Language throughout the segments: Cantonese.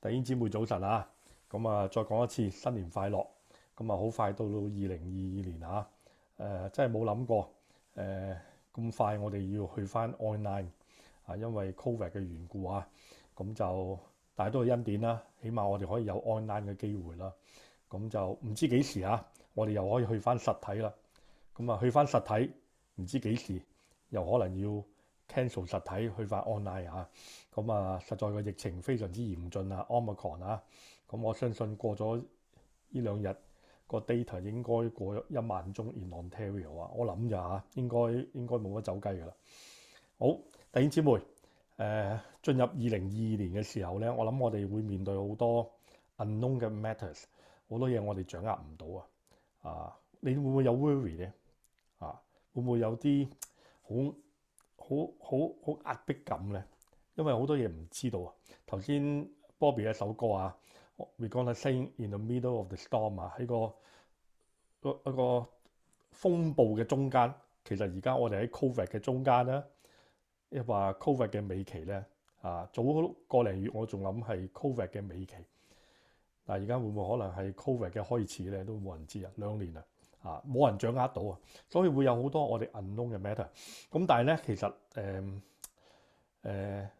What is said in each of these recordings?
弟兄姊妹早晨啊！咁啊，再講一次新年快樂！咁啊，好快到到二零二二年啊！誒，真係冇諗過誒咁、啊、快，我哋要去翻 online 啊，因為 COVID 嘅緣故啊，咁就但係都係恩典啦。起碼我哋可以有 online 嘅機會啦。咁就唔知幾時啊，我哋又可以去翻實體啦。咁啊，啊，去翻實體唔知幾時，又可能要～cancel 實體去發 online 嚇咁啊！實在個疫情非常之嚴峻啊，omicron 啊、嗯、咁、嗯嗯，我相信過咗呢兩日個 data 應該過咗一萬宗 in Ontario 啊，我諗咋嚇應該應該冇乜走雞噶啦。好，弟兄姊妹誒、呃，進入二零二二年嘅時候咧，我諗我哋會面對好多 unknown 嘅 matters，好多嘢我哋掌握唔到啊啊！Uh, 你會唔會有 worry 咧啊？Uh, 會唔會有啲好？好好好壓迫感咧，因為好多嘢唔知道啊。頭先 Bobby 一首歌啊，We're gonna sing in the middle of the storm 啊，喺個個個風暴嘅中間。其實而家我哋喺 COVID 嘅中間啦，亦話 COVID 嘅尾期咧啊，早個零月我仲諗係 COVID 嘅尾期，但而家會唔會可能係 COVID 嘅開始咧，都冇人知啊。兩年啦。啊！冇人掌握到啊，所以會有好多我哋 unknown 嘅 matter。咁但係咧，其實誒誒、呃呃、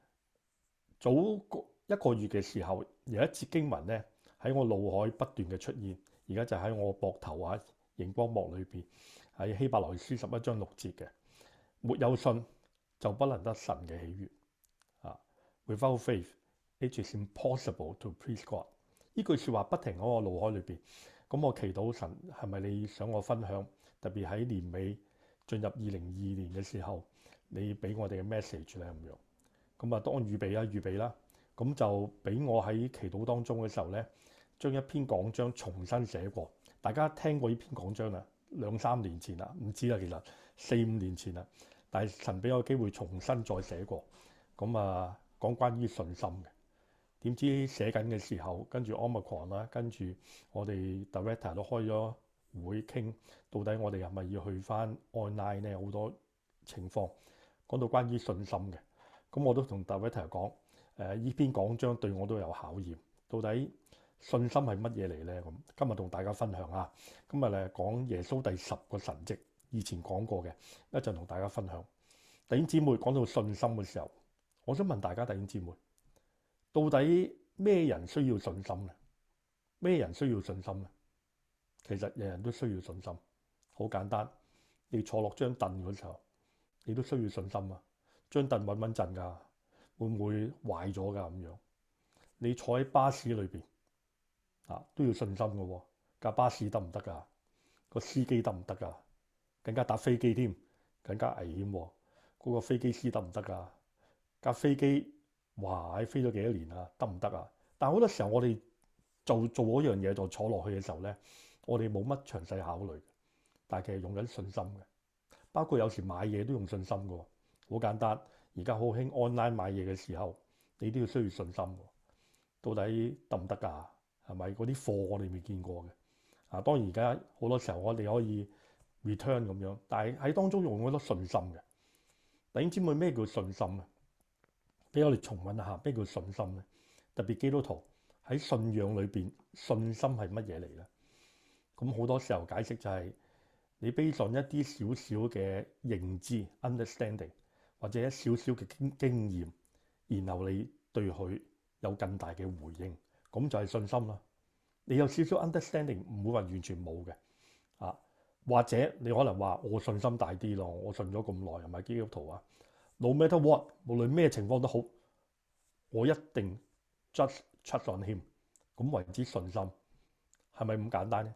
早一個月嘅時候，有一節經文咧喺我腦海不斷嘅出現。而家就喺我膊頭啊，熒光幕裏邊喺希伯來書十一章六節嘅，沒有信就不能得神嘅喜悅啊。Without faith, it is impossible to please God。呢句説話不停喺我腦海裏邊。咁我祈禱神係咪你想我分享？特別喺年尾進入二零二年嘅時候，你俾我哋嘅 message 咧係唔樣？咁啊，當我預備啦、預備啦，咁就俾我喺祈禱當中嘅時候咧，將一篇講章重新寫過。大家聽過呢篇講章啊？兩三年前啦，唔知啊其實，四五年前啦，但係神俾我機會重新再寫過。咁啊，講關於信心嘅。點知寫緊嘅時候，跟住 Omicron 啦，跟住我哋 Director 都開咗會傾，到底我哋係咪要去返 online 咧？好多情況講到關於信心嘅，咁我都同 Director 講，誒呢篇講章對我都有考驗，到底信心係乜嘢嚟咧？咁今日同大家分享啊，今日咧講耶穌第十個神跡，以前講過嘅，一陣同大家分享。弟兄姊妹講到信心嘅時候，我想問大家，弟兄姊妹。到底咩人需要信心咧？咩人需要信心咧？其實人人都需要信心，好簡單。你坐落張凳嗰時候，你都需要信心啊！張凳穩唔穩陣㗎？會唔會壞咗㗎？咁樣你坐喺巴士裏邊，啊，都要信心嘅喎。架巴士得唔得㗎？個司機得唔得㗎？更加搭飛機添，更加危險喎。嗰個飛機師得唔得㗎？駕飛機。哇！喺飛咗幾多年啊，得唔得啊？但係好多時候我哋做做嗰樣嘢就坐落去嘅時候咧，我哋冇乜詳細考慮嘅，但其實用緊信心嘅。包括有時買嘢都用信心嘅，好簡單。而家好興 online 買嘢嘅時候，你都要需要信心嘅。到底得唔得㗎？係咪嗰啲貨我哋未見過嘅？啊，當然而家好多時候我哋可以 return 咁樣，但係喺當中用好多信心嘅。頂尖咩叫信心啊？俾我哋重溫下咩叫信心咧？特別基督徒喺信仰裏面，信心係乜嘢嚟咧？咁好多時候解釋就係、是、你背上一啲少少嘅認知 （understanding） 或者一少少嘅經經驗，然後你對佢有更大嘅回應，咁就係信心啦。你有少少 understanding 唔會話完全冇嘅啊，或者你可能話我信心大啲咯，我信咗咁耐係咪基督徒啊。No matter what，無論咩情況都好，我一定 just 出信欠，咁為之信心，係咪咁簡單咧？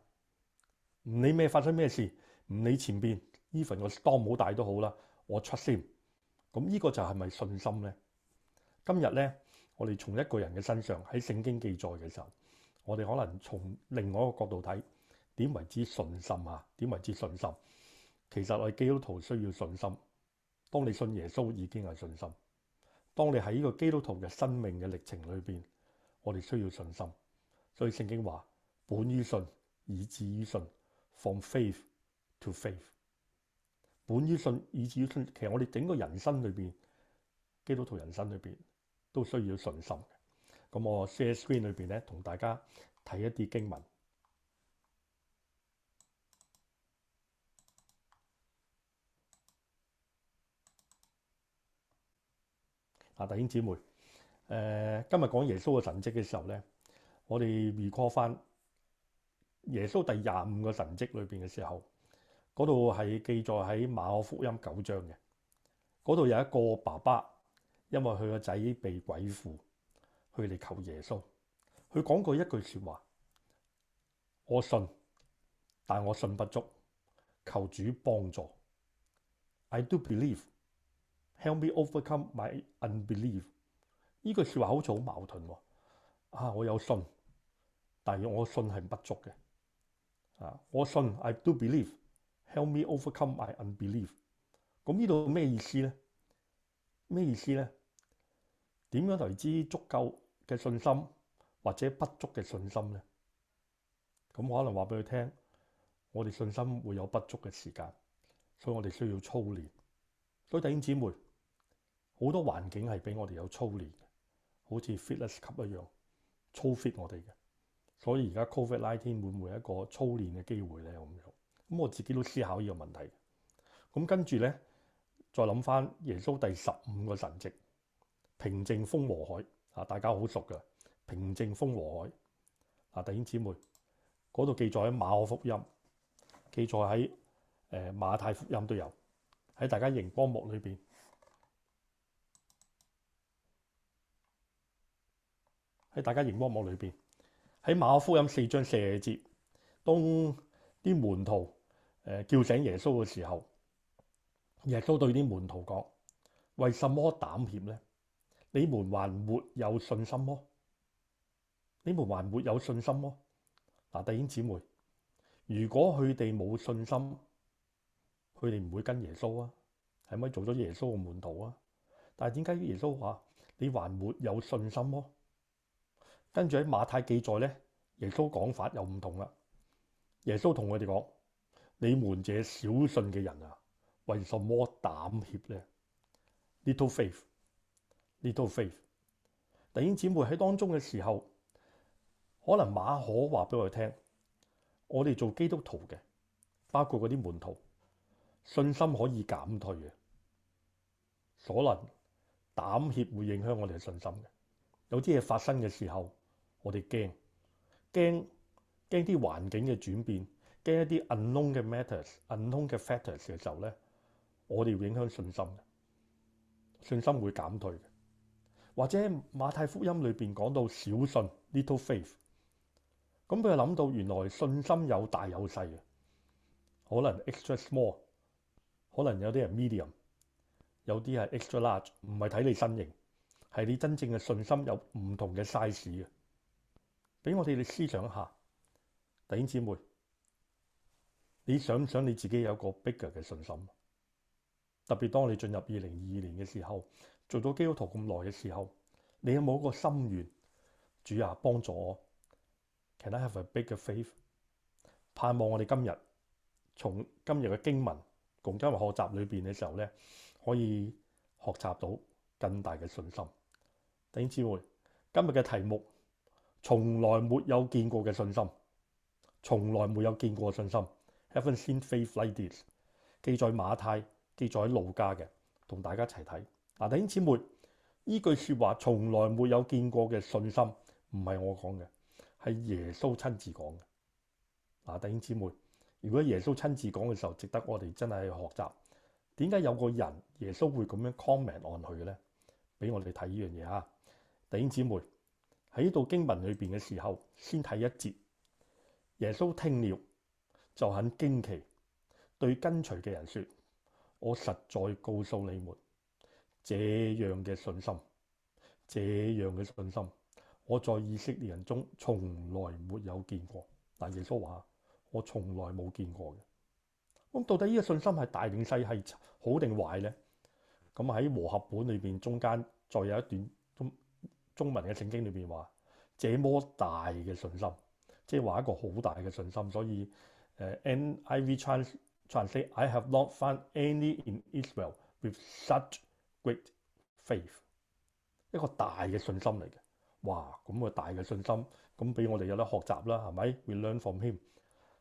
唔理咩發生咩事，唔理前邊 even 個當冇帶都好啦，我出先，咁呢個就係咪信心咧？今日咧，我哋從一個人嘅身上喺聖經記載嘅時候，我哋可能從另外一個角度睇點為之信心啊？點為之信心？其實我哋基督徒需要信心。當你信耶穌已經係信心，當你喺呢個基督徒嘅生命嘅歷程裏邊，我哋需要信心。所以聖經話：本於信，以至於信。From faith to faith。本於信，以至於信。其實我哋整個人生裏邊，基督徒人生裏邊都需要信心。咁我 share screen 裏邊咧，同大家睇一啲經文。啊，弟兄姊妹，誒，今日講耶穌嘅神蹟嘅時候咧，我哋 recall 翻耶穌第廿五個神蹟裏邊嘅時候，嗰度係記載喺馬可福音九章嘅。嗰度有一個爸爸，因為佢個仔被鬼附，去嚟求耶穌。佢講過一句説話：我信，但我信不足，求主幫助。I do believe。Help me overcome my unbelief。呢句說話好似好矛盾喎、啊。啊，我有信，但係我信係不足嘅。啊，我信，I do believe。Help me overcome my unbelief、啊。咁呢度咩意思咧？咩意思咧？點樣嚟之足夠嘅信心或者不足嘅信心咧？咁我可能話俾佢聽，我哋信心會有不足嘅時間，所以我哋需要操練。所以弟兄姊妹。好多環境係俾我哋有操練嘅，好似 fitness 級一樣操 fit 我哋嘅，所以而家 Covid nineteen 會唔會有一個操練嘅機會咧咁樣？咁我自己都思考呢個問題。咁跟住咧，再諗翻耶穌第十五個神跡，平靜風和海啊，大家好熟嘅，平靜風和海啊，弟兄姊妹嗰度記載喺馬可福音，記載喺誒、呃、馬太福音都有喺大家熒光幕裏邊。喺大家熒光幕裏邊，喺馬可福音四章四十節，當啲門徒誒叫醒耶穌嘅時候，耶穌對啲門徒講：為什麼膽怯咧？你們還沒有信心麼？你們還沒有信心麼？嗱，弟兄姊妹，如果佢哋冇信心，佢哋唔會跟耶穌啊，係咪做咗耶穌嘅門徒啊？但係點解耶穌話你還沒有信心麼？跟住喺馬太記載咧，耶穌講法又唔同啦。耶穌同我哋講：你們這小信嘅人啊，為什麼膽怯咧？little faith，little faith。弟兄姊妹喺當中嘅時候，可能馬可話俾我哋聽：我哋做基督徒嘅，包括嗰啲門徒，信心可以減退嘅，所能膽怯會影響我哋嘅信心嘅。有啲嘢發生嘅時候。我哋驚驚驚啲環境嘅轉變，驚一啲 unknown 嘅 matters、unknown 嘅 factors 嘅時候咧，我哋會影響信心，信心會減退嘅。或者馬太福音裏面講到小信 little faith，咁佢諗到原來信心有大有細嘅，可能 extra small，可能有啲係 medium，有啲係 extra large，唔係睇你身形，係你真正嘅信心有唔同嘅 size 嘅。俾我哋你思想下，弟兄姊妹，你想唔想你自己有個 bigger 嘅信心？特別當你進入二零二二年嘅時候，做咗基督徒咁耐嘅時候，你有冇一個心願？主啊，幫助我。Can I have a bigger faith，盼望我哋今日從今日嘅經文，共大家學習裏邊嘅時候咧，可以學習到更大嘅信心。弟兄姊妹，今日嘅題目。從來沒有見過嘅信心，從來沒有見過信心。Haven't seen faith like this，記載馬太記載路加嘅，同大家一齊睇。嗱，弟兄姊妹，呢句說話從來沒有見過嘅信心，唔係我講嘅，係耶穌親自講嘅。嗱，弟兄姊妹，如果耶穌親自講嘅時候，值得我哋真係學習。點解有個人耶穌會咁樣 comment on 佢咧？俾我哋睇呢樣嘢啊，弟兄姊妹。喺呢度經文裏面嘅時候，先睇一節。耶穌聽了就很驚奇，對跟隨嘅人說：我實在告訴你們，這樣嘅信心，這樣嘅信心，我在以色列人中從來沒有見過。嗱，耶穌話：我從來冇見過嘅。咁到底呢個信心係大定細，係好定壞呢？咁喺和合本裏面，中間再有一段。中文嘅聖經裏邊話這麼大嘅信心，即係話一個好大嘅信心。所以誒，N.I.V. Trans. Trans. say I have not found any in Israel with such great faith。一個大嘅信心嚟嘅，哇！咁個大嘅信心咁俾我哋有得學習啦，係咪？We learn from him，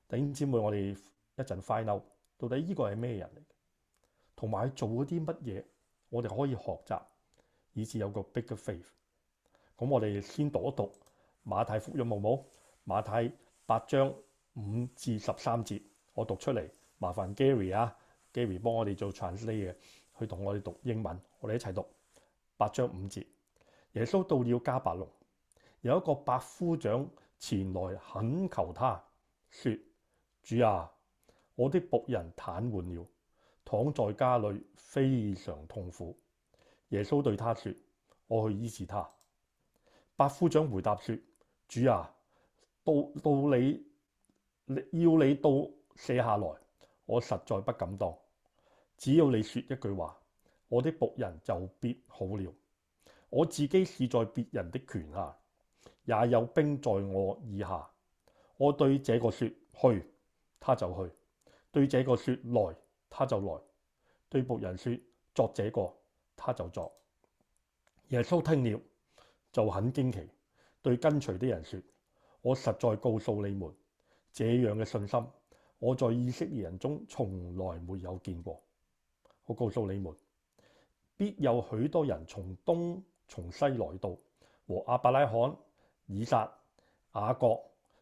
弟兄姊妹，我哋一陣 find out 到底呢個係咩人嚟嘅？同埋做咗啲乜嘢？我哋可以學習，以至有個 big 嘅 faith。咁我哋先讀一讀馬太福音，好冇？馬太八章五至十三節，我讀出嚟，麻煩 Gary 啊，Gary 幫我哋做 translate 嘅，去同我哋讀英文，我哋一齊讀八章五節。耶穌到了迦百農，有一個百夫長前來懇求他，說：主啊，我的僕人癱瘓了，躺在家裏非常痛苦。耶穌對他說：我去醫治他。百夫長回答說：主啊，到到你，要你到卸下來，我實在不敢當。只要你說一句話，我的僕人就必好了。我自己是在別人的權下，也有兵在我以下。我對這個說去，他就去；對這個說來，他就來；對僕人說作這個，他就作。耶穌聽了。就很驚奇，對跟隨的人說：我實在告訴你們，這樣嘅信心，我在以色列人中從來沒有見過。我告訴你們，必有許多人從東從西來到，和亞伯拉罕、以撒、雅各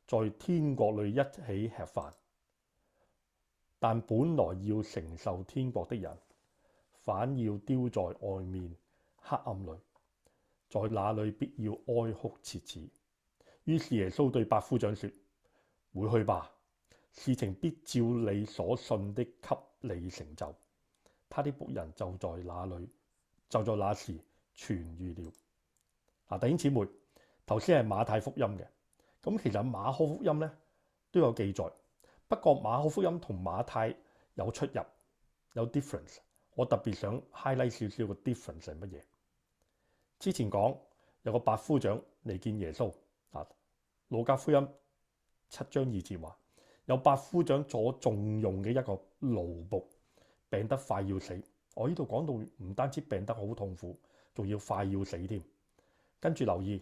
在天國裏一起吃飯，但本來要承受天國的人，反要丟在外面黑暗裏。在那裏必要哀哭切齒。於是耶穌對百夫長說：回去吧，事情必照你所信的給你成就。他的僕人就在那裏，就在那時痊癒了。嗱，弟兄姊妹，頭先係馬太福音嘅，咁其實馬可福音咧都有記載，不過馬可福音同馬太有出入，有 difference。我特別想 highlight 少少嘅 difference 係乜嘢？之前講有個百夫長嚟見耶穌啊。路加福音七章二節話：有百夫長所重用嘅一個奴僕病得快要死。我呢度講到唔單止病得好痛苦，仲要快要死添。跟住留意，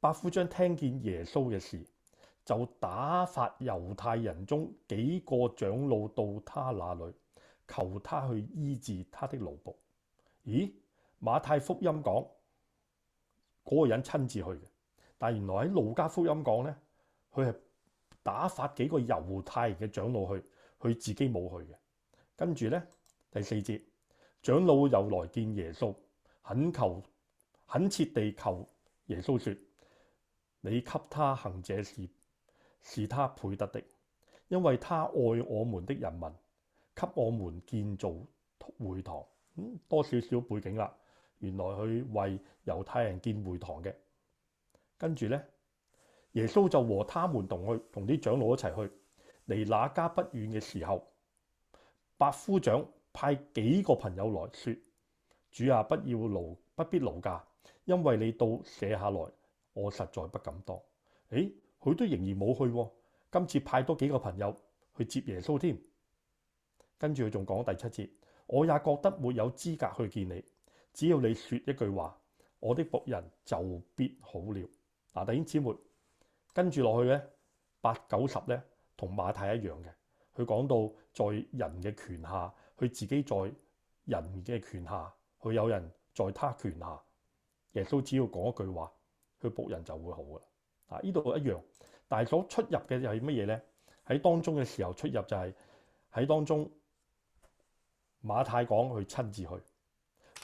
百夫長聽見耶穌嘅事，就打發猶太人中幾個長老到他那裡求他去醫治他的奴僕。咦？馬太福音講。嗰個人親自去嘅，但係原來喺路加福音講咧，佢係打發幾個猶太人嘅長老去，佢自己冇去嘅。跟住咧第四節，長老又來見耶穌，懇求、懇切地求耶穌說，你給他行這事，是他配得的，因為他愛我們的人民，給我們建造會堂。嗯、多少少背景啦。原來去為猶太人建會堂嘅，跟住呢，耶穌就和他們同去，同啲長老一齊去。離那家不遠嘅時候，百夫長派幾個朋友來說，主啊，不要勞不必勞駕，因為你到寫下來，我實在不敢當。誒，佢都仍然冇去喎。今次派多幾個朋友去接耶穌添。跟住佢仲講第七節，我也覺得沒有資格去見你。只要你說一句話，我的僕人就必好了。嗱，弟兄姊妹，跟住落去呢，八九十呢，同馬太一樣嘅。佢講到在人嘅權下，佢自己在人嘅權下，佢有人在他權下。耶穌只要講一句話，佢僕人就會好噶。嗱，呢度一樣，但係所出入嘅又係乜嘢呢？喺當中嘅時候出入就係、係、喺當中。馬太講佢親自去。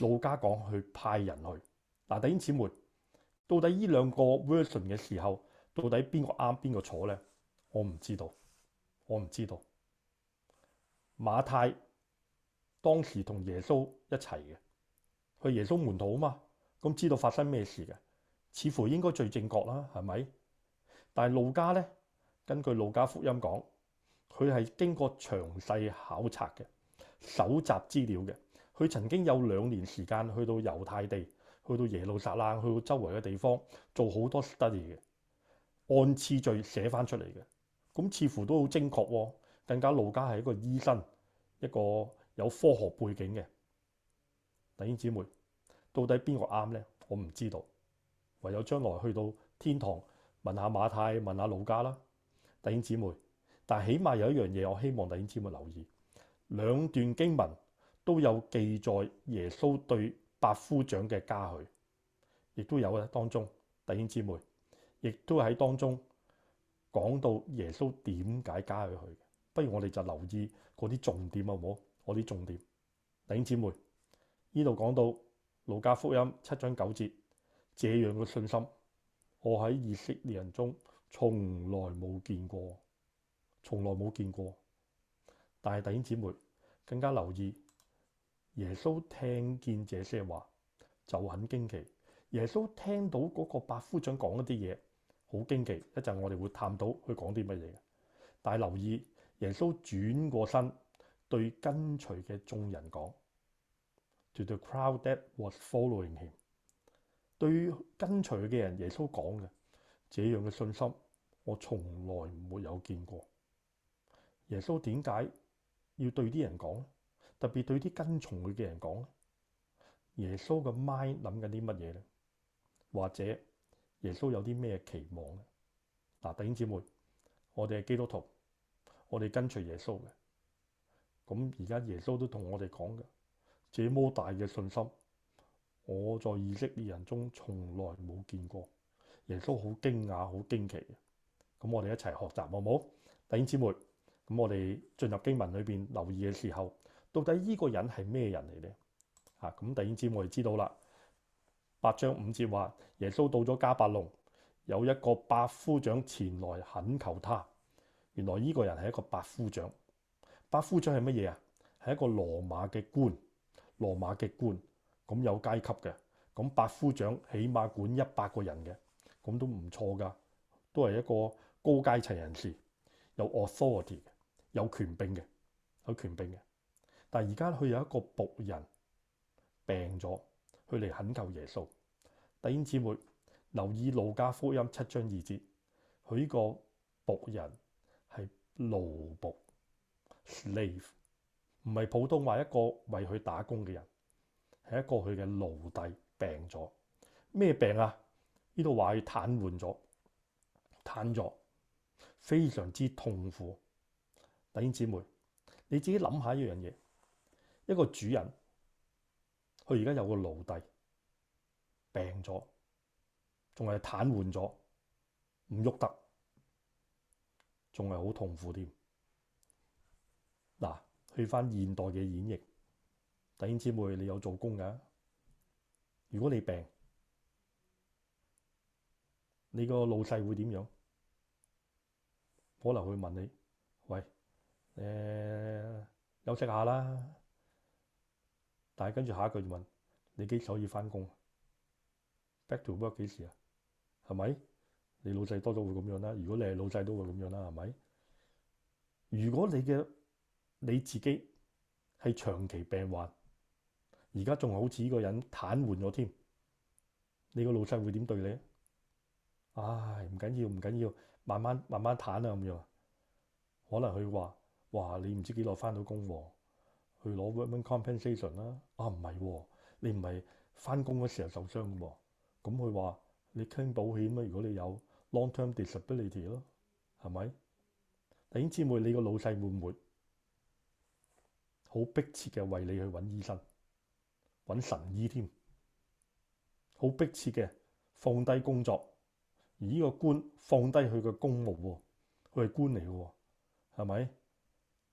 路加講去派人去嗱，底線始末，到底呢兩個 version 嘅時候，到底邊個啱邊個錯咧？我唔知道，我唔知道。馬太當時同耶穌一齊嘅，去耶穌門徒啊嘛，咁知道發生咩事嘅，似乎應該最正確啦，係咪？但係路加咧，根據路加福音講，佢係經過詳細考察嘅，搜集資料嘅。佢曾經有兩年時間去到猶太地，去到耶路撒冷，去到周圍嘅地方做好多 study 嘅，按次序寫翻出嚟嘅，咁似乎都好精確喎。更加路加係一個醫生，一個有科學背景嘅弟兄姊妹，到底邊個啱呢？我唔知道，唯有將來去到天堂問下馬太，問下路加啦。弟兄姊妹，但起碼有一樣嘢，我希望弟兄姊妹留意兩段經文。都有記載耶穌對百夫長嘅嘉許，亦都有喺當中。弟兄姊妹，亦都喺當中講到耶穌點解嘉許佢。不如我哋就留意嗰啲重點好唔好？我啲重點，弟兄姊妹，呢度講到路加福音七章九節，這樣嘅信心，我喺以色列人中從來冇見過，從來冇見過。但係弟兄姊妹更加留意。耶穌聽見這些話就很驚奇。耶穌聽到嗰個百夫長講一啲嘢，好驚奇。一陣我哋會探到佢講啲乜嘢。但係留意耶穌轉過身對跟隨嘅眾人講，絕對 crowd that was following him。對跟隨嘅人，耶穌的，耶穌講嘅這樣嘅信心，我從來沒有見過。耶穌點解要對啲人講？特別對啲跟從佢嘅人講耶穌嘅 mind 諗緊啲乜嘢咧？或者耶穌有啲咩期望咧？嗱，弟兄姊妹，我哋係基督徒，我哋跟隨耶穌嘅。咁而家耶穌都同我哋講嘅這麼大嘅信心，我在以色列人中從來冇見過。耶穌好驚訝，好驚奇。咁我哋一齊學習好唔好？弟兄姊妹，咁我哋進入經文裏面留意嘅時候。到底呢個人係咩人嚟呢？啊，咁第二節我哋知道啦。八章五節話耶穌到咗迦百農，有一個百夫長前來懇求他。原來呢個人係一個百夫長。百夫長係乜嘢啊？係一個羅馬嘅官，羅馬嘅官咁有階級嘅。咁百夫長起碼管一百個人嘅，咁都唔錯噶，都係一個高階層人士，有 authority 嘅，有權柄嘅，有權柄嘅。有權柄。但而家佢有一個僕人病咗，佢嚟懇求耶穌。弟兄姊妹留意路加福音七章二節，佢呢個僕人係奴僕 slave，唔係普通話一個為佢打工嘅人，係一個佢嘅奴隸，病咗咩病啊？呢度話佢癱瘓咗，癱咗非常之痛苦。弟兄姊妹你自己諗下呢樣嘢。一個主人，佢而家有個奴隸病咗，仲係癱瘓咗，唔喐得，仲係好痛苦添。嗱，去翻現代嘅演繹，弟兄姊妹，你有做工㗎？如果你病，你個老細會點樣？可能會問你：「喂，誒、呃，休息下啦。但係跟住下一句就問你幾時可以返工？Back to work 幾時啊？係咪？你老細多咗會咁樣啦。如果你係老細都會咁樣啦，係咪？如果你嘅你自己係長期病患，而家仲好似一個人癱瘓咗添，你個老細會點對你？唉，唔緊要，唔緊要，慢慢慢慢嘆啊咁樣。可能佢話，嘩，你唔知幾耐返到工喎。去攞 workers compensation 啦啊，唔係你唔係翻工嗰時候受傷嘅噃。咁佢話你傾保險啊，如果你有 long-term disability 咯，係咪？弟兄姊妹，你個老細會唔會好迫切嘅為你去揾醫生揾神醫添？好迫切嘅放低工作，而呢個官放低佢嘅公務喎，佢係官嚟嘅喎，係咪？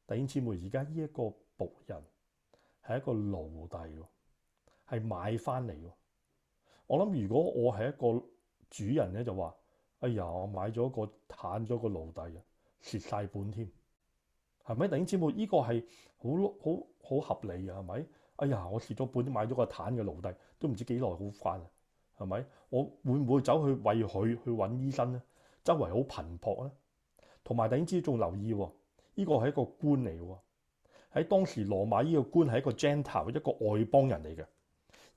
弟兄姊妹，而家呢一個。僕人係一個奴隸，係買翻嚟嘅。我諗如果我係一個主人咧，就話：哎呀，我買咗個癱，咗個奴隸嘅，蝕晒本添，係咪？頂知冇呢個係好好好合理嘅，係咪？哎呀，我蝕咗本，買咗個癱嘅奴隸，都唔知幾耐好翻啊，係咪？我會唔會走去為佢去揾醫生咧？周圍好頻撲咧，同埋頂知仲留意呢，呢個係一個官嚟。喺當時，羅馬呢個官係一個 gentile，一個外邦人嚟嘅。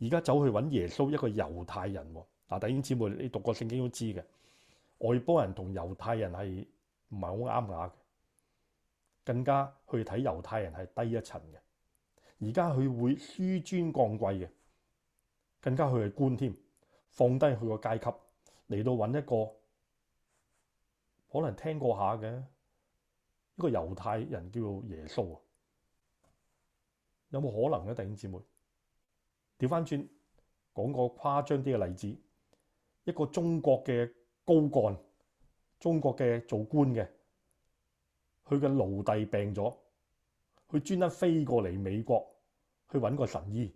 而家走去揾耶穌，一個猶太人喎。嗱、啊，弟兄姊妹，你讀過聖經都知嘅，外邦人同猶太人係唔係好啱牙嘅？更加去睇猶太人係低一層嘅。而家佢會紆尊降貴嘅，更加佢係官添，放低佢個階級嚟到揾一個可能聽過一下嘅一個猶太人叫耶穌，叫做耶穌。有冇可能咧？弟兄姊妹，調翻轉講個誇張啲嘅例子，一個中國嘅高幹，中國嘅做官嘅，佢嘅奴隸病咗，佢專登飛過嚟美國去揾個神醫。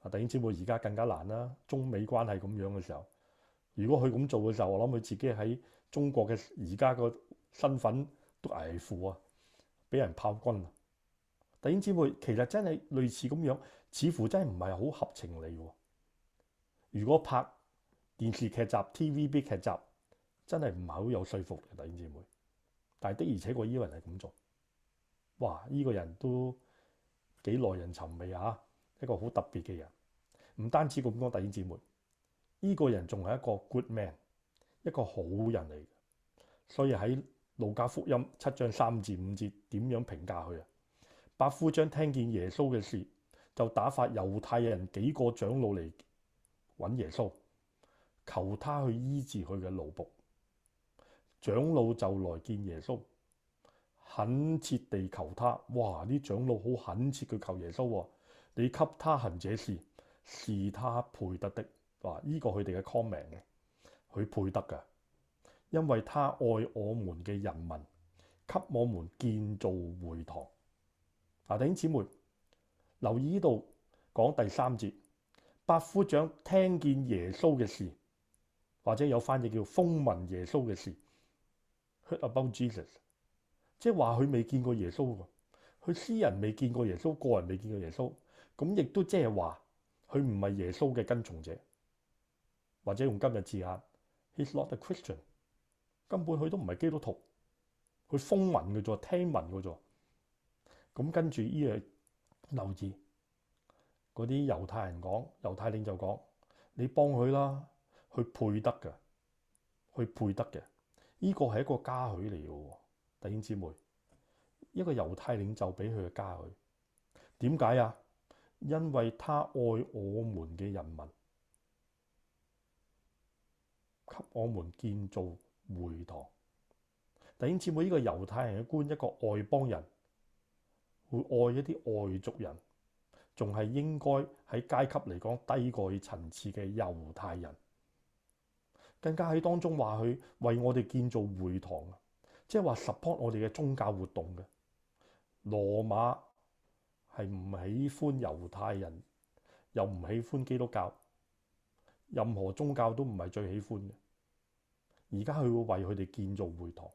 啊，弟兄姊妹，而家更加難啦，中美關係咁樣嘅時候，如果佢咁做嘅時候，我諗佢自己喺中國嘅而家個身份都挨苦啊，俾人炮轟。弟兄姊妹，其實真係類似咁樣，似乎真係唔係好合情理。如果拍電視劇集、TVB 劇集，真係唔係好有說服嘅弟兄姐妹，但的而且確，依個人係咁做。哇！依、這個人都幾耐人尋味啊，一個好特別嘅人。唔單止咁講，弟兄姊妹，依、這個人仲係一個 good man，一個好人嚟。所以喺路加福音七章三至五節，點樣評價佢啊？百夫長聽見耶穌嘅事，就打發猶太人幾個長老嚟搵耶穌，求他去醫治佢嘅奴僕。長老就來見耶穌，懇切地求他。哇！啲長老好懇切佢求耶穌，哦，你給他行這事，是他配得的。話呢、這個佢哋嘅 comment 嘅，佢配得噶，因為他愛我們嘅人民，給我們建造會堂。嗱，弟兄姊妹留意呢度講第三節，百夫長聽見耶穌嘅事，或者有翻譯叫風聞耶穌嘅事。heard about Jesus，即係話佢未見過耶穌，佢私人未見過耶穌，個人未見過耶穌，咁亦都即係話佢唔係耶穌嘅跟從者，或者用今日字眼，he's not a Christian，根本佢都唔係基督徒，佢風聞嘅啫，聽聞嘅啫。咁跟住呢個留意嗰啲猶太人講，猶太領袖講：你幫佢啦，去配得嘅，去配得嘅。呢個係一個家許嚟嘅，弟兄姊妹。一個猶太領袖俾佢嘅家許，點解啊？因為他愛我們嘅人民，給我們建造會堂。弟兄姊妹，呢個猶太人嘅官，一個外邦人。會愛一啲外族人，仲係應該喺階級嚟講低過去層次嘅猶太人，更加喺當中話佢為我哋建造會堂，即係話 support 我哋嘅宗教活動嘅。羅馬係唔喜歡猶太人，又唔喜歡基督教，任何宗教都唔係最喜歡嘅。而家佢會為佢哋建造會堂，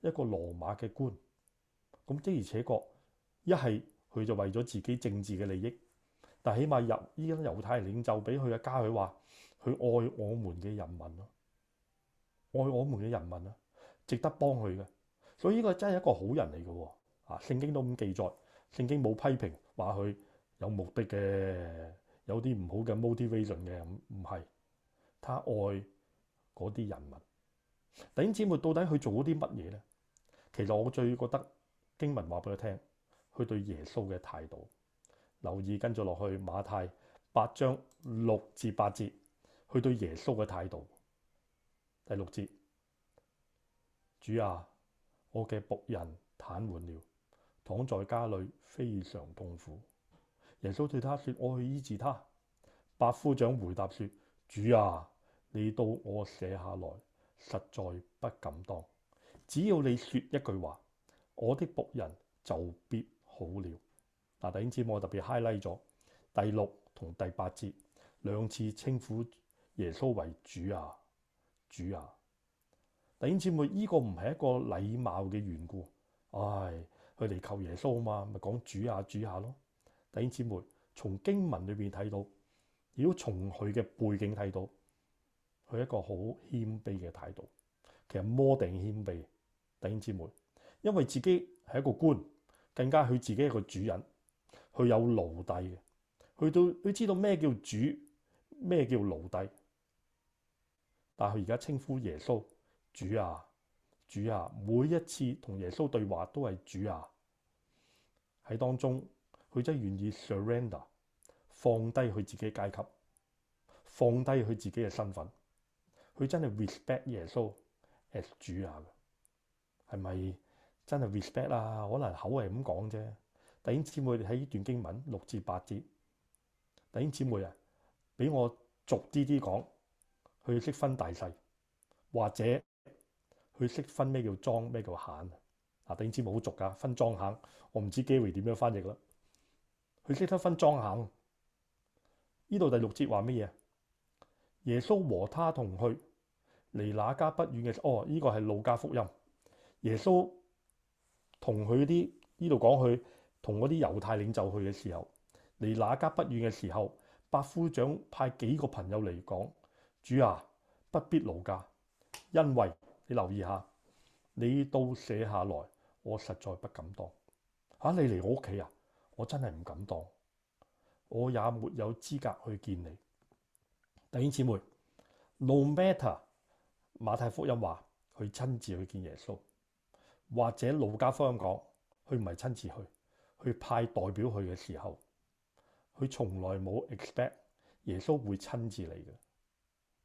一個羅馬嘅官咁，即而且確。一係佢就為咗自己政治嘅利益，但起碼入依家猶太領袖俾佢嘅家他說，佢話佢愛我們嘅人民咯，愛我們嘅人民啦，值得幫佢嘅。所以呢個真係一個好人嚟嘅喎啊！聖經都咁記載，聖經冇批評話佢有目的嘅，有啲唔好嘅 motivation 嘅，唔係他愛嗰啲人民。弟兄姊妹到底佢做咗啲乜嘢咧？其實我最覺得經文話俾佢聽。去對耶穌嘅態度，留意跟住落去馬太八章六至八節，去對耶穌嘅態度。第六節，主啊，我嘅僕人癱瘓了，躺在家裏非常痛苦。耶穌對他說：我去醫治他。百夫長回答說：主啊，你到我舍下來，實在不敢當。只要你說一句話，我的僕人就必。好了，嗱，弟兄姊妹，我特別 highlight 咗第六同第八節兩次稱呼耶穌為主啊，主啊。弟兄姊妹，依、這個唔係一個禮貌嘅緣故，唉，佢嚟求耶穌啊嘛，咪講主啊主啊咯。弟兄姊妹，從經文裏邊睇到，如果從佢嘅背景睇到，佢一個好謙卑嘅態度，其實摩頂謙卑。弟兄姊妹，因為自己係一個官。更加佢自己係一個主人，佢有奴隸嘅，去到佢知道咩叫主，咩叫奴隸。但係佢而家稱呼耶穌主啊，主啊，每一次同耶穌對話都係主啊。喺當中，佢真係願意 surrender，放低佢自己階級，放低佢自己嘅身份，佢真係 respect 耶穌 as 主啊。係咪？真係 respect 啦、啊，可能口係咁講啫。弟兄姊妹喺段經文六至八節，弟兄姊妹啊，俾我逐啲啲講，佢識分大細，或者佢識分咩叫莊，咩叫閒啊。弟兄姊妹好熟噶，分莊閒，我唔知 Gary 點樣翻譯啦。佢識得分莊閒。呢度第六節話咩嘢？耶穌和他同去，離那家不遠嘅？哦，呢、這個係路加福音耶穌。同佢啲呢度講去，同嗰啲猶太領袖去嘅時候，離那家不遠嘅時候，百夫長派幾個朋友嚟講：主啊，不必勞駕，因為你留意下，你到寫下來，我實在不敢當。嚇、啊、你嚟我屋企啊，我真係唔敢當，我也沒有資格去見你。弟兄姊妹，no matter 馬太福音話，佢親自去見耶穌。或者老家方講，佢唔係親自去，去派代表去嘅時候，佢從來冇 expect 耶穌會親自嚟嘅。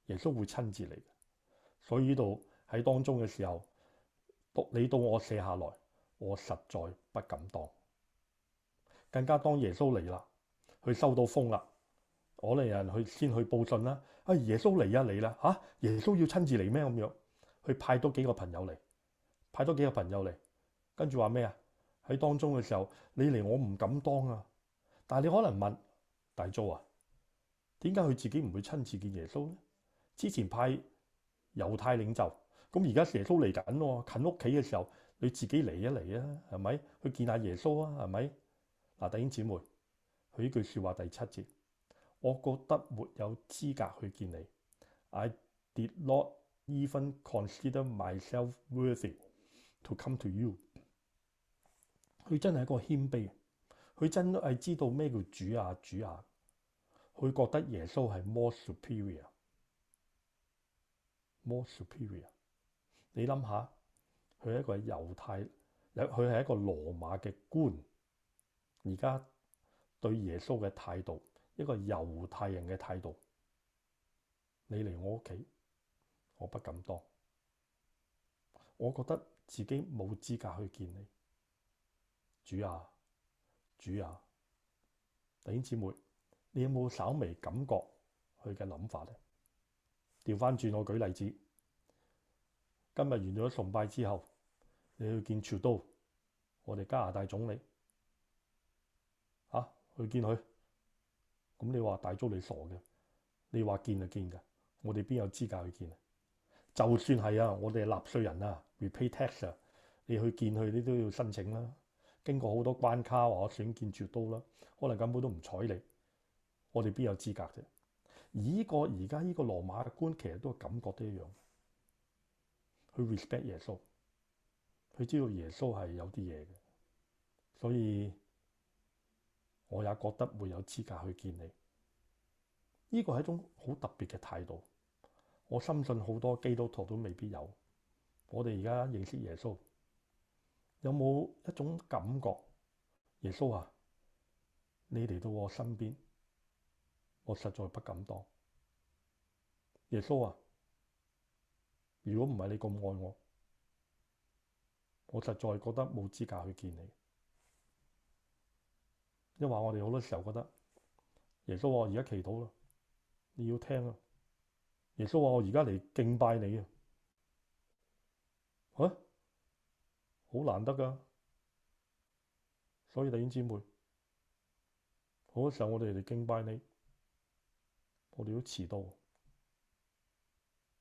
耶穌會親自嚟，所以呢度喺當中嘅時候，讀你到我寫下來，我實在不敢當，更加當耶穌嚟啦，佢收到風啦，我哋人去先去報信啦，哎，啊耶穌嚟啊你啦吓，耶穌要親自嚟咩咁樣？去派多幾個朋友嚟。派多幾個朋友嚟，跟住話咩啊？喺當中嘅時候，你嚟我唔敢當啊！但係你可能問大租啊，點解佢自己唔會親自見耶穌呢？之前派猶太領袖咁，而家耶穌嚟緊喎，近屋企嘅時候，你自己嚟一嚟啊，係咪？去見下耶穌啊？係咪？嗱，弟兄姊妹，佢呢句說話第七節，我覺得沒有資格去見你。I did not even consider myself worthy. to come to you，佢真係一個謙卑，佢真係知道咩叫主啊，主啊，佢覺得耶穌係 more superior，more superior。你諗下，佢係一個猶太，佢係一個羅馬嘅官，而家對耶穌嘅態度，一個猶太人嘅態度，你嚟我屋企，我不敢當，我覺得。自己冇資格去見你，主啊，主啊，弟兄姊妹，你有冇稍微感覺佢嘅諗法呢？調翻轉，我舉例子，今日完咗崇拜之後，你去見 Trudeau，我哋加拿大總理，吓、啊，去見佢，咁你話大足你傻嘅？你話見就見㗎，我哋邊有資格去見啊？就算係啊，我哋係納稅人啊。repeat text 你去見佢，你都要申請啦，經過好多關卡，或我選建絕都啦，可能根本都唔睬你。我哋邊有資格啫？而呢個而家呢個羅馬嘅官其實都感覺都一樣，佢 respect 耶穌，佢知道耶穌係有啲嘢嘅，所以我也覺得會有資格去見你。呢個係一種好特別嘅態度。我深信好多基督徒都未必有。我哋而家認識耶穌，有冇一種感覺？耶穌啊，你嚟到我身邊，我實在不敢當。耶穌啊，如果唔係你咁愛我，我實在覺得冇資格去見你。因為我哋好多時候覺得，耶穌我而家祈禱咯，你要聽咯。耶穌話我而家嚟敬拜你啊。啊！好難得㗎，所以弟兄姊妹，好多時候我哋嚟敬拜你，我哋都遲到。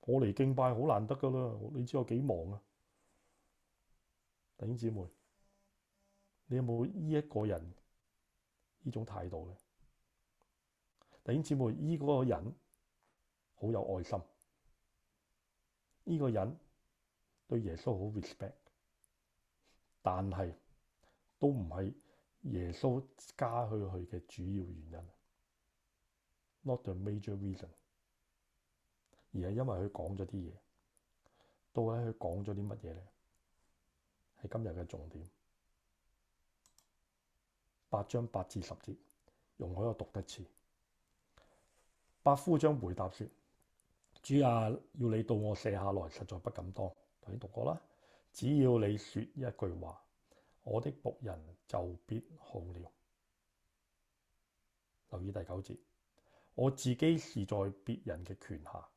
我嚟敬拜好難得㗎啦，你知我幾忙啊？弟兄姊妹，你有冇依一個人依種態度呢？弟兄姊妹，依、這、嗰個人好有愛心，依、這個人。對耶穌好 respect，但係都唔係耶穌加去佢嘅主要原因，not the major reason，而係因為佢講咗啲嘢。到底佢講咗啲乜嘢咧？係今日嘅重點，八章八至十節，容我又讀一次。百夫長回答說：主啊，要你到我舍下來，實在不敢當。頭先讀過啦。只要你說一句話，我的僕人就必好了。留意第九節，我自己是在別人嘅權下，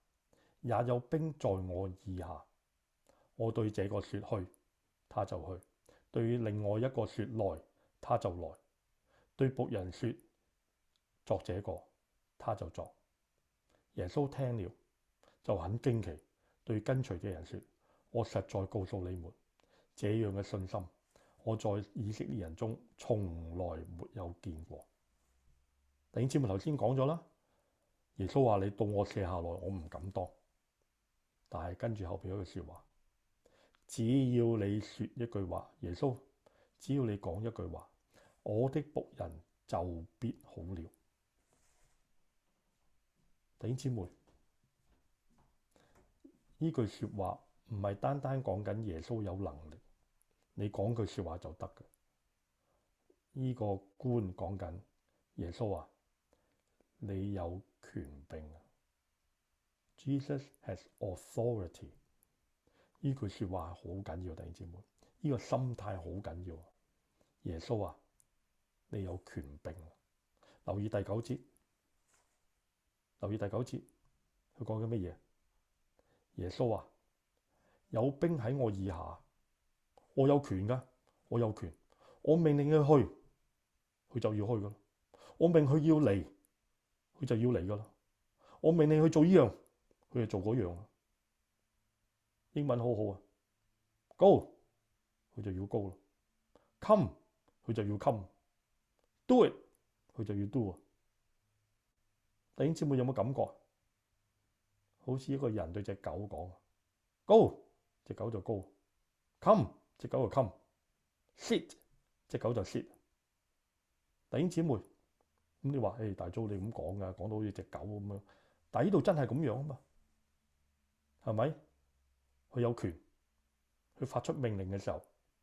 也有兵在我以下。我對這個說去，他就去；對另外一個說來，他就來；對僕人說作這個，他就作。耶穌聽了就很驚奇，對跟隨嘅人說。我實在告訴你們，這樣嘅信心，我在以色列人中從來沒有見過。弟兄姐妹頭先講咗啦，耶穌話：你到我卸下來，我唔敢當。但係跟住後面有一句說話，只要你說一句話，耶穌，只要你講一句話，我的僕人就必好了。弟兄姐妹，呢句說話。唔係單單講緊耶穌有能力，你講句說話就得嘅。呢個官講緊耶穌啊，你有權柄啊。Jesus has authority。呢句說話好緊要，弟兄姊妹，呢個心態好緊要啊。耶穌啊，你有權柄。留意第九節，留意第九節，佢講緊乜嘢？耶穌啊。有兵喺我以下，我有權噶，我有權，我命令佢去，佢就要去噶啦。我命佢要嚟，佢就要嚟噶啦。我命令佢做依樣，佢就做嗰樣。英文好好啊，Go，佢就要高啦。Come，佢就要 Come。Do it，佢就要 do 啊。弟兄姊妹有冇感覺？好似一個人對隻狗講，Go。隻狗就高，come 隻狗就 come，sit 隻狗就 sit。弟兄姊妹，咁你話：，誒大租你咁講嘅，講到好似隻狗咁樣。但呢度真係咁樣啊嘛，係咪？佢有權，佢發出命令嘅時候，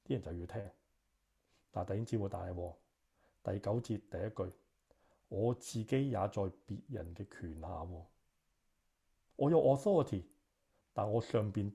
啲人就要聽。但弟兄姊妹，大係第九節第一句，我自己也在別人嘅權下，我有 authority，但我上面。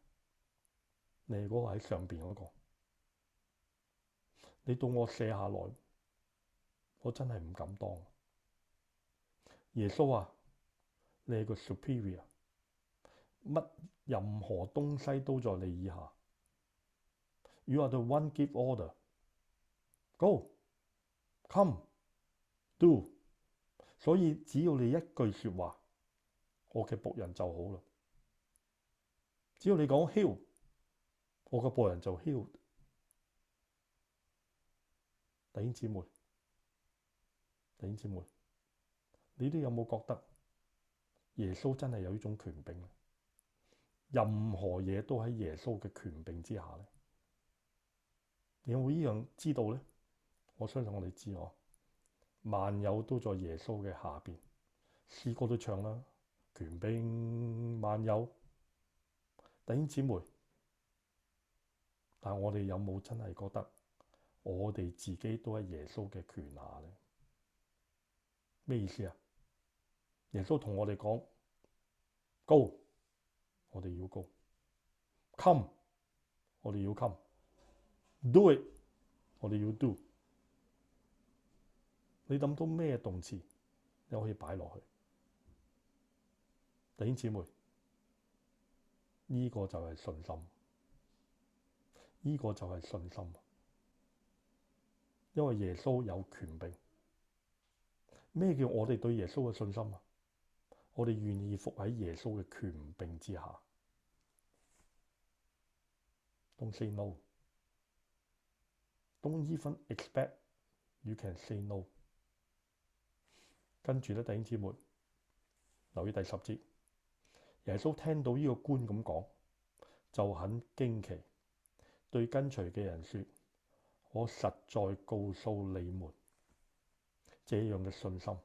你嗰個喺上邊嗰個，你到我卸下來，我真係唔敢當。耶穌啊，你係個 superior，乜任何東西都在你以下。You are the one give order，go，come，do。所以只要你一句説話，我嘅僕人就好啦。只要你講 heal。我個僕人就 healed。弟兄姊妹，弟兄姊妹，你哋有冇覺得耶穌真係有呢種權柄？任何嘢都喺耶穌嘅權柄之下呢？你有冇依樣知道呢？我相信我哋知哦。萬有都在耶穌嘅下邊。試過都唱啦，權柄萬有。弟兄姊妹。但我哋有冇真係覺得我哋自己都係耶穌嘅權下咧？咩意思啊？耶穌同我哋講：Go，我哋要 Go；Come，我哋要 Come；Do it，我哋要 Do。你諗到咩動詞，你可以擺落去。弟兄姊妹，呢個就係信心。呢個就係信心，因為耶穌有權柄。咩叫我哋對耶穌嘅信心啊？我哋願意服喺耶穌嘅權柄之下。Don't say no, don't even expect you can say no。跟住咧，弟兄姊妹，留意第十節，耶穌聽到呢個官咁講，就很驚奇。對跟隨嘅人說：我實在告訴你們，這樣嘅信心，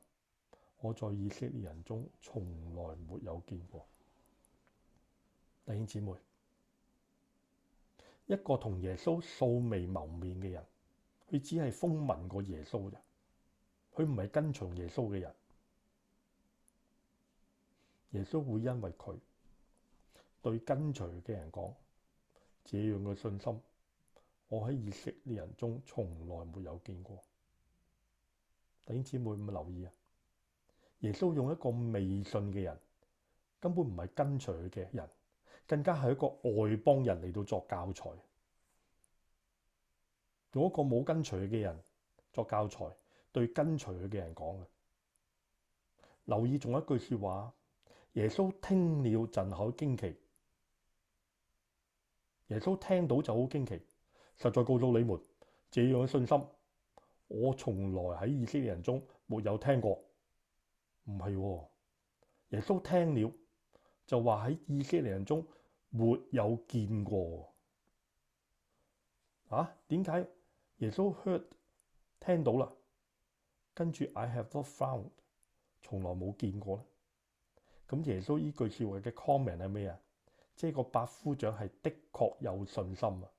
我在以色列人中從來沒有見過。弟兄姊妹，一個同耶穌素未謀面嘅人，佢只係風聞過耶穌咋，佢唔係跟從耶穌嘅人。耶穌會因為佢對跟隨嘅人講。這樣嘅信心，我喺以色列人中從來沒有見過。弟兄姊妹有冇留意啊？耶穌用一個未信嘅人，根本唔係跟隨佢嘅人，更加係一個外邦人嚟到作教材，用一個冇跟隨佢嘅人作教材，對跟隨佢嘅人講嘅。留意仲有一句説話，耶穌聽了口經，震撼驚奇。耶穌聽到就好驚奇，實在告訴你們這樣嘅信心，我從來喺以色列人中沒有聽過。唔係、哦，耶穌聽了就話喺以色列人中沒有見過。啊？點解耶穌 heard 聽到啦？跟住 I have not found 從來冇見過咧。咁耶穌依句說話嘅 comment 係咩啊？即係個百夫長係的確有信心啊！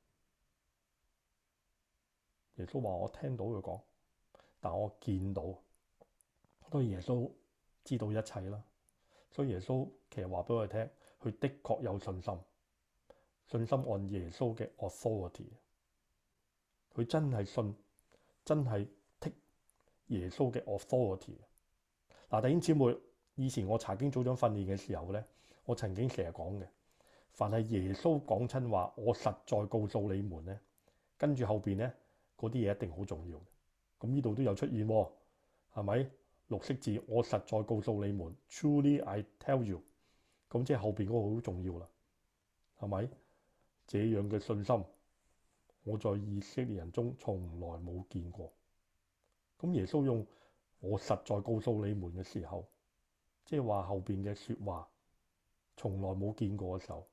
耶穌話：我聽到佢講，但我見到，當然耶穌知道一切啦。所以耶穌其實話俾我哋聽，佢的確有信心，信心按耶穌嘅 authority。佢真係信，真係 take 耶穌嘅 authority。嗱，弟兄姊妹，以前我查經組長訓練嘅時候咧，我曾經成日講嘅。凡係耶穌講親話，我實在告訴你們咧，跟住後邊呢嗰啲嘢一定好重要。咁呢度都有出現，係咪？綠色字，我實在告訴你們，Truly I tell you。咁即係後邊嗰個好重要啦，係咪？這樣嘅信心，我在以色列人中從來冇見過。咁耶穌用我實在告訴你們嘅時候，即係話後邊嘅説話，從來冇見過嘅時候。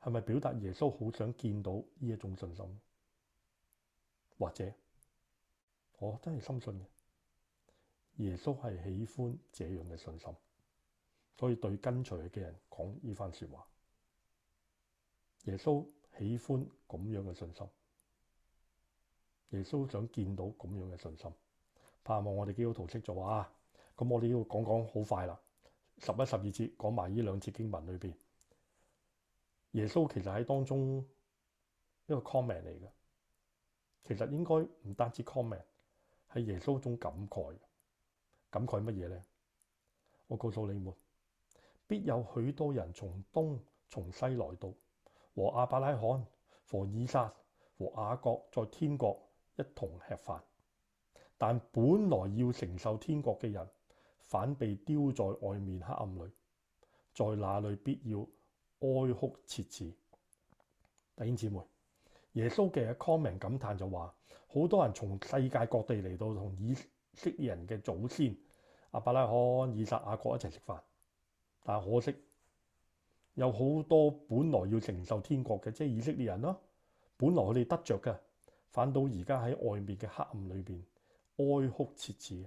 係咪表達耶穌好想見到呢一種信心？或者我真係深信嘅，耶穌係喜歡這樣嘅信心，所以對跟隨佢嘅人講呢番説話。耶穌喜歡咁樣嘅信心，耶穌想見到咁樣嘅信心。盼望我哋基督徒識做啊！咁我哋要講講好快啦，十一、十二節講埋呢兩節經文裏邊。耶穌其實喺當中一個 comment 嚟嘅，其實應該唔單止 comment，係耶穌一種感慨。感慨乜嘢呢？我告訴你們，必有許多人從東從西來到和亞伯拉罕、和以撒和雅各在天國一同吃飯，但本來要承受天國嘅人，反被丟在外面黑暗裏，在那裏必要哀哭切齒。弟兄姊妹，耶穌嘅康明感嘆就話：好多人從世界各地嚟到同以色列人嘅祖先阿伯拉罕、以撒、雅各一齊食飯，但係可惜有好多本來要承受天國嘅，即係以色列人咯，本來佢哋得着嘅，反倒而家喺外面嘅黑暗裏邊哀哭切齒。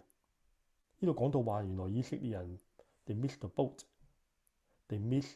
呢度講到話，原來以色列人，they missed the boat，they missed。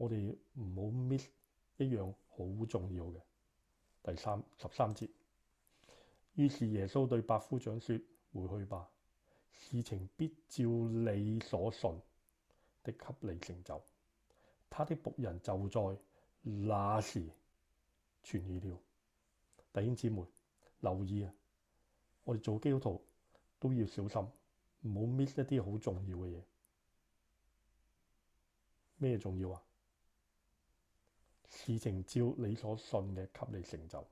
我哋唔好 miss 一樣好重要嘅第三十三節。於是耶穌對百夫長說：回去吧，事情必照你所信的給你成就。他的僕人就在那時痊愈了。弟兄姊妹留意啊，我哋做基督徒都要小心，唔好 miss 一啲好重要嘅嘢。咩重要啊？事情照你所信嘅，給你成就。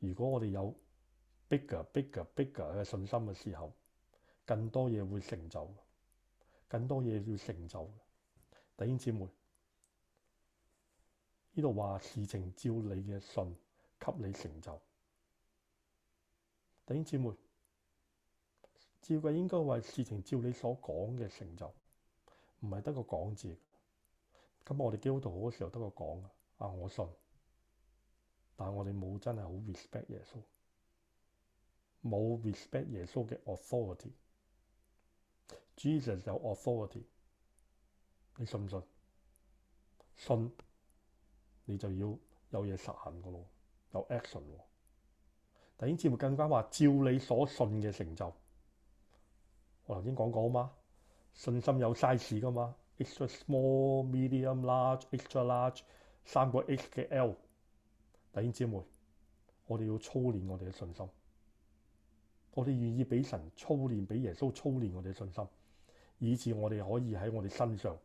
如果我哋有 bigger、bigger、bigger 嘅信心嘅時候，更多嘢會成就，更多嘢要成就。弟兄姊妹，呢度話事情照你嘅信，給你成就。弟兄姊妹，照計應該話事情照你所講嘅成就，唔係得個講字。咁我哋基督徒好多時候都得個講啊，我信，但係我哋冇真係好 respect 耶穌，冇 respect 耶穌嘅 authority。Jesus 有 authority，你信唔信？信，你就要有嘢實行噶咯，有 action 喎。頭先節目更加話，照你所信嘅成就，我頭先講過啊嘛，信心有 size 噶嘛。extra small、medium、large、extra large，三個 X 嘅 L。弟兄姊妹，我哋要操練我哋嘅信心。我哋願意俾神操練，俾耶穌操練我哋嘅信心，以致我哋可以喺我哋身上，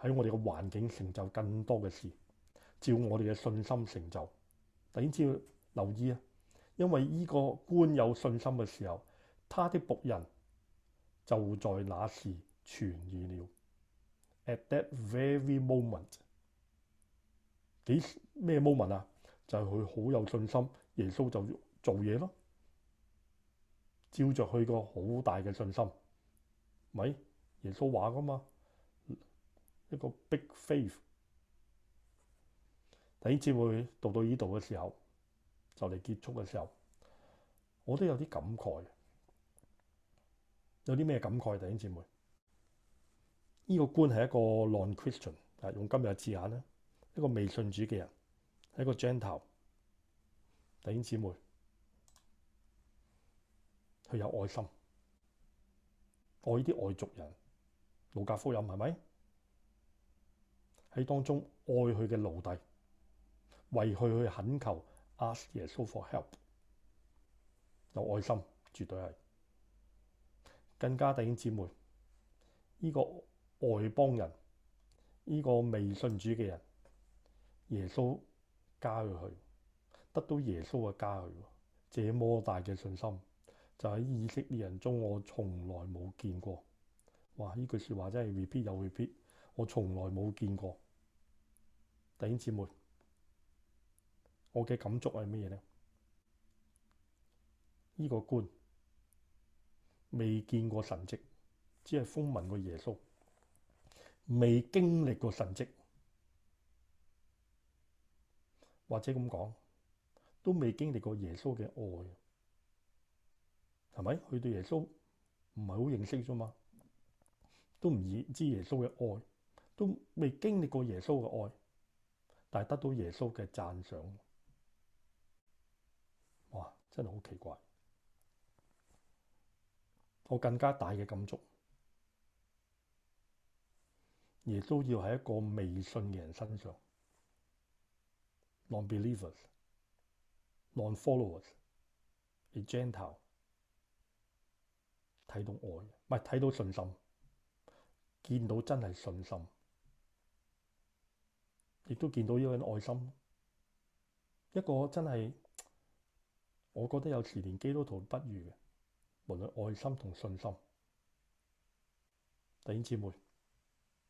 喺我哋嘅環境成就更多嘅事，照我哋嘅信心成就。弟兄姊妹留意啊，因為呢個官有信心嘅時候，他的僕人就在那時痊癒了。At that very moment，幾咩 moment 啊？就係佢好有信心，耶穌就做嘢咯，照着佢個好大嘅信心。咪耶穌話噶嘛，一個 big faith。弟兄姊妹讀到呢度嘅時候，就嚟結束嘅時候，我都有啲感慨。有啲咩感慨，弟兄姊妹？呢個官係一個 non-Christian 啊，ian, 用今日字眼咧，一個未信主嘅人，係一個 gentle 弟兄姊妹，佢有愛心，愛啲外族人，路加福音係咪喺當中愛佢嘅奴隸，為佢去懇求 ask 耶穌 for help，有愛心絕對係更加弟兄姊妹呢、呢個。外邦人呢、這個未信主嘅人，耶穌加佢去，得到耶穌嘅加佢，這麼大嘅信心，就喺以色列人中，我從來冇見過。哇！呢句說話真係 repeat 又 repeat，我從來冇見過弟兄姊妹，我嘅感觸係咩嘢咧？呢、這個官未見過神蹟，只係風聞過耶穌。未經歷過神蹟，或者咁講，都未經歷過耶穌嘅愛，係咪？佢對耶穌唔係好認識啫嘛，都唔知耶穌嘅愛，都未經歷過耶穌嘅愛，但係得到耶穌嘅讚賞，哇！真係好奇怪，我更加大嘅感觸。耶穌要喺一個未信嘅人身上，non-believers，non-followers，a Gentile 睇到愛，唔係睇到信心，見到真係信心，亦都見到呢個人愛心，一個真係我覺得有時連基督徒不如嘅，無論愛心同信心，弟兄姊妹。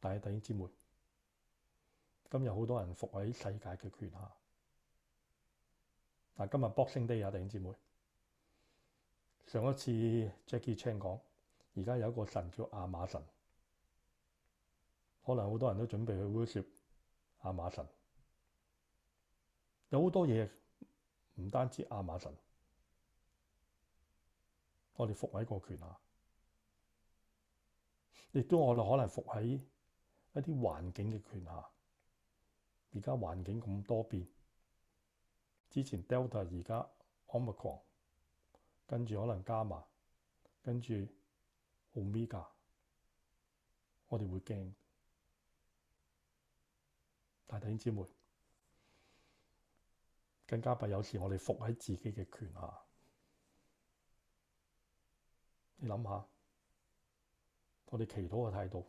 但係弟兄姊妹，今日好多人伏喺世界嘅權下。嗱，今日 Boxing Day 啊！弟兄姊妹，上一次 Jackie Chan 講，而家有一個神叫亞馬神，可能好多人都準備去 worship 亞馬神。有好多嘢唔單止亞馬神，我哋伏喺個權下，亦都我哋可能伏喺。一啲環境嘅權限，而家環境咁多變，之前 Delta，而家 Omicron，跟住可能伽馬，跟住 Omega，我哋會驚。大弟兄姊妹更加弊，有時我哋服喺自己嘅權下，你諗下，我哋祈禱嘅態度。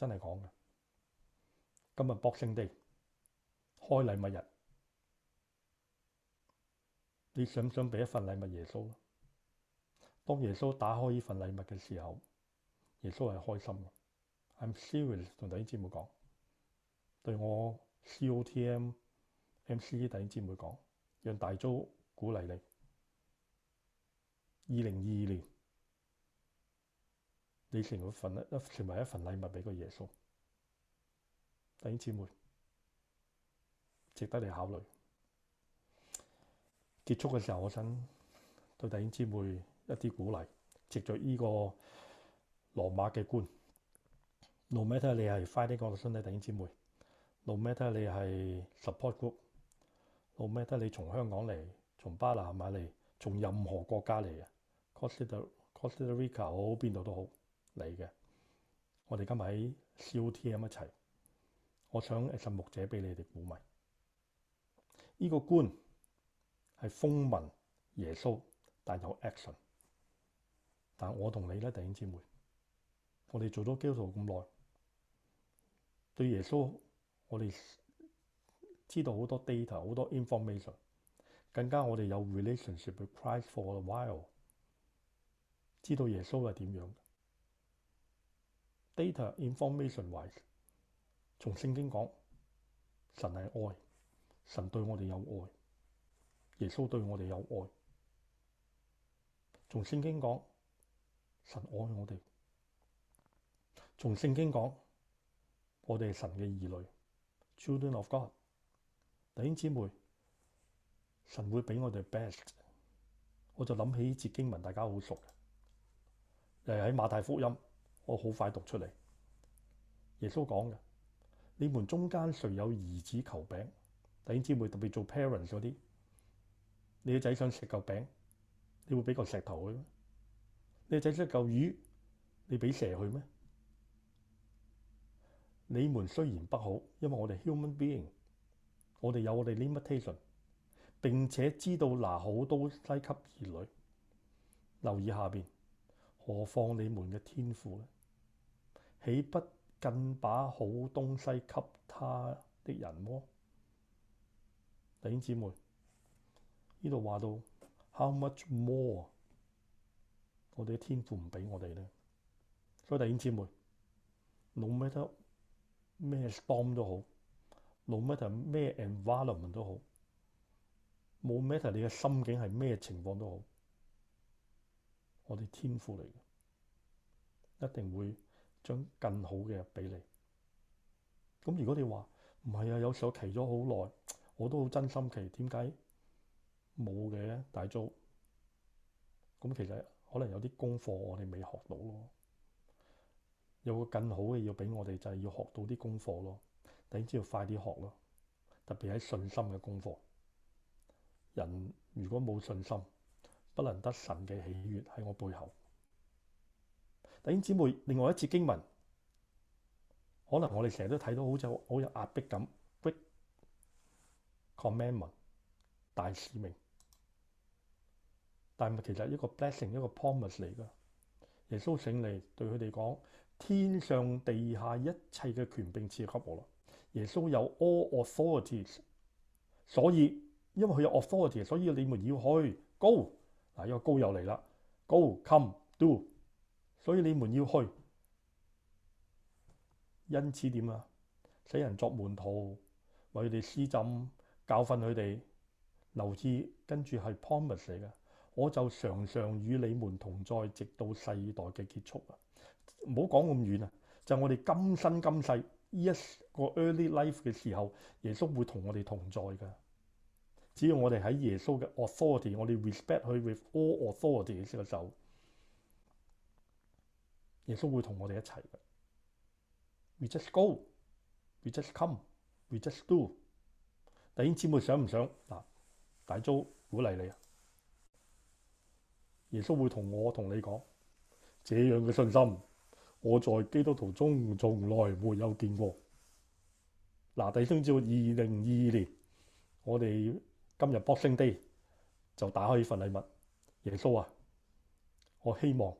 真係講嘅，今日 Boxing Day 開禮物日，你想唔想俾一份禮物耶穌？當耶穌打開呢份禮物嘅時候，耶穌係開心嘅。I'm serious，同弟兄姐妹講，對我 COTM MC 弟兄姐妹講，讓大周鼓勵你。二零二二年。你成個份一，全埋一份禮物俾個耶穌弟兄姊妹，值得你考慮。結束嘅時候，我想對弟兄姊妹一啲鼓勵。藉著呢個羅馬嘅官，no matter 你係 fighting 我嘅身體，弟兄姊妹；no matter 你係 support group；no matter 你從香港嚟，從巴拿馬嚟，從任何國家嚟 Costa Costa Rica 好，邊度都好。嚟嘅，我哋今日喺 COTM 一齊，我想誒，信牧者俾你哋鼓勵。呢個官係風聞耶穌，但有 action。但我同你咧，弟兄姊妹，我哋做咗基督徒咁耐，對耶穌，我哋知道好多 data，好多 information。更加我哋有 relationship with Christ for a while，知道耶穌係點樣。Data information wise，從聖經講，神係愛，神對我哋有愛，耶穌對我哋有愛。從聖經講，神愛我哋。從聖經講，我哋係神嘅兒女，Children of God。弟兄姊妹，神會俾我哋 best。我就諗起呢節經文，大家好熟，誒喺馬太福音。我好快讀出嚟。耶穌講嘅：你們中間誰有兒子求餅？大家知特別做 parents 嗰啲，你嘅仔想食嚿餅，你會俾個石頭佢咩？你嘅仔想嚿魚，你俾蛇去咩？你們雖然不好，因為我哋 human being，我哋有我哋 limitation。並且知道拿好多西給兒女。留意下邊，何況你們嘅天賦呢？」豈不更把好東西給他的人喎、哦？弟兄姊妹，呢度話到 How much more？我哋嘅天父唔俾我哋咧，所以弟兄姊妹，no matter 咩 storm 都好，no matter 咩 environment 都好，no matter 你嘅心境係咩情況都好，我哋天父嚟嘅，一定會。將更好嘅俾你。咁如果你話唔係啊，有時候我期咗好耐，我都好真心期。點解冇嘅呢？大做咁其實可能有啲功課我哋未學到囉。有個更好嘅要俾我哋，就係、是、要學到啲功課咯。你只要快啲學咯，特別係信心嘅功課。人如果冇信心，不能得神嘅喜悅喺我背後。弟兄姊妹，另外一次經文，可能我哋成日都睇到，好似好有壓迫感。Great commandment，大使命，但係其實是一個 blessing，一個 promise 嚟㗎。耶穌醒嚟對佢哋講：天上地下一切嘅權柄賜給我啦。耶穌有 all authorities，所以因為佢有 authority，所以你們要去 go 嗱，一個 go 又嚟啦，go come do。所以你們要去，因此點啊？使人作門徒，為佢哋施浸、教訓佢哋、留置，跟住係 promise 嚟嘅。我就常常與你們同在，直到世代嘅結束啊！唔好講咁遠啊，就是，我哋今生今世依一個 early life 嘅時候，耶穌會同我哋同在嘅。只要我哋喺耶穌嘅 authority，我哋 respect 佢 with all authority 嘅時候。耶穌會同我哋一齊嘅，we just go，we just come，we just do。弟兄姊妹想唔想？嗱，大周鼓勵你啊！耶穌會同我同你講，這樣嘅信心，我在基督徒中從來沒有見過。嗱，弟兄姊妹，二零二二年，我哋今日 Boxing Day 就打開呢份禮物。耶穌啊，我希望。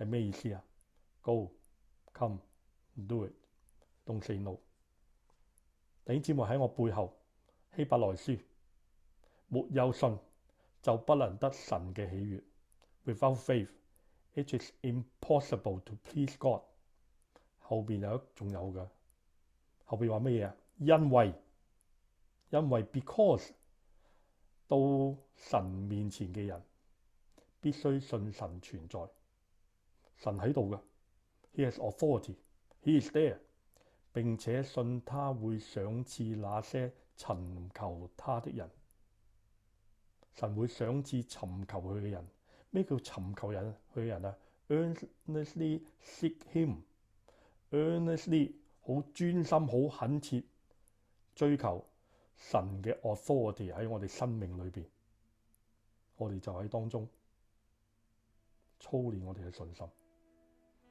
係咩意思啊？Go, come, do it，動詞怒。弟兄姊妹，喺我背後，希伯來書，沒有信就不能得神嘅喜悅。Without faith, it is impossible to please God 後。後面仲有嘅後邊話咩嘢啊？因為因為 because 到神面前嘅人必須信神存在。神喺度嘅，He is authority，He is there，並且信他會賞賜那些尋求他的人。神會賞賜尋求佢嘅人。咩叫尋求人？佢嘅人 earnestly seek Him，earnestly 好專心好懇切追求神嘅 authority 喺我哋生命裏邊。我哋就喺當中操練我哋嘅信心。